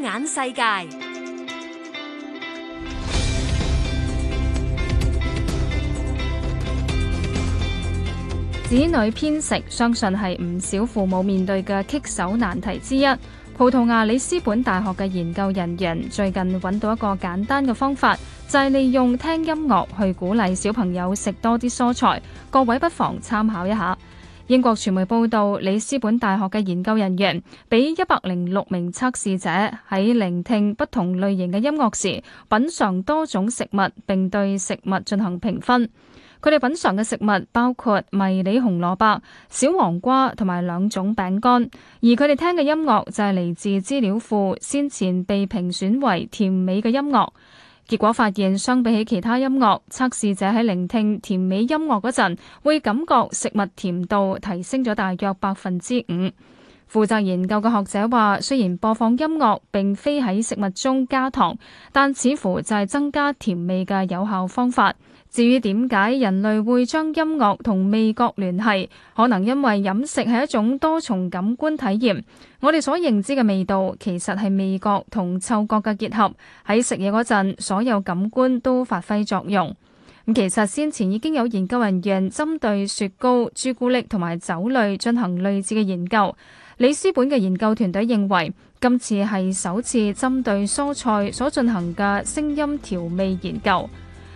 眼世界，子女偏食，相信係唔少父母面對嘅棘手難題之一。葡萄牙里斯本大學嘅研究人員最近揾到一個簡單嘅方法，就係利用聽音樂去鼓勵小朋友食多啲蔬菜。各位不妨參考一下。英國傳媒報道，里斯本大學嘅研究人員俾一百零六名測試者喺聆聽不同類型嘅音樂時，品嘗多種食物，並對食物進行評分。佢哋品嘗嘅食物包括迷你紅蘿蔔、小黃瓜同埋兩種餅乾，而佢哋聽嘅音樂就係嚟自資料庫先前被評選為甜美嘅音樂。結果發現，相比起其他音樂，測試者喺聆聽甜美音樂嗰陣，會感覺食物甜度提升咗大約百分之五。負責研究嘅學者話，雖然播放音樂並非喺食物中加糖，但似乎就係增加甜味嘅有效方法。至於點解人類會將音樂同味覺聯繫，可能因為飲食係一種多重感官體驗。我哋所認知嘅味道其實係味覺同嗅覺嘅結合。喺食嘢嗰陣，所有感官都發揮作用。咁其實先前已經有研究人員針對雪糕、朱古力同埋酒類進行類似嘅研究。里斯本嘅研究團隊認為，今次係首次針對蔬菜所進行嘅聲音調味研究。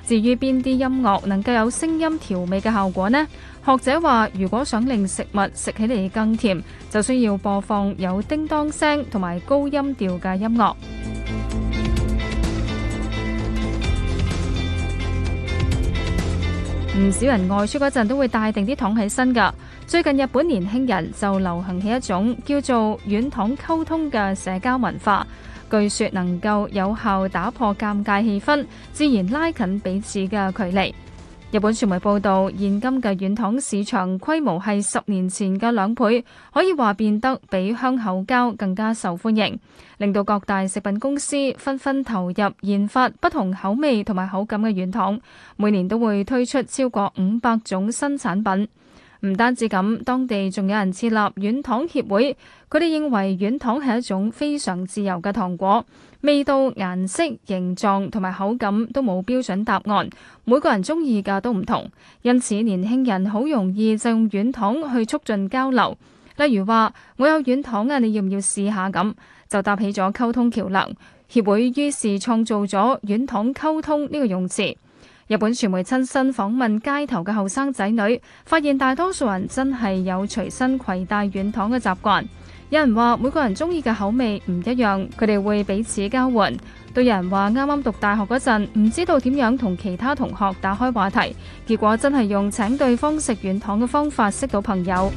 至於邊啲音樂能夠有聲音調味嘅效果呢？學者話，如果想令食物食起嚟更甜，就需要播放有叮當聲同埋高音調嘅音樂。唔少人外出嗰陣都會帶定啲糖起身㗎。最近日本年輕人就流行起一種叫做軟糖溝通嘅社交文化，據說能夠有效打破尷尬氣氛，自然拉近彼此嘅距離。日本傳媒報道，現今嘅軟糖市場規模係十年前嘅兩倍，可以話變得比香口膠更加受歡迎，令到各大食品公司紛紛投入研發不同口味同埋口感嘅軟糖，每年都會推出超過五百種新產品。唔單止咁，當地仲有人設立軟糖協會，佢哋認為軟糖係一種非常自由嘅糖果，味道、顏色、形狀同埋口感都冇標準答案，每個人中意嘅都唔同，因此年輕人好容易就用軟糖去促進交流。例如話：我有軟糖啊，你要唔要試下咁？就搭起咗溝通橋梁。協會於是創造咗軟糖溝通呢個用詞。日本傳媒親身訪問街頭嘅後生仔女，發現大多數人真係有隨身攜帶軟糖嘅習慣。有人話每個人中意嘅口味唔一樣，佢哋會彼此交換。都有人話啱啱讀大學嗰陣唔知道點樣同其他同學打開話題，結果真係用請對方食軟糖嘅方法識到朋友。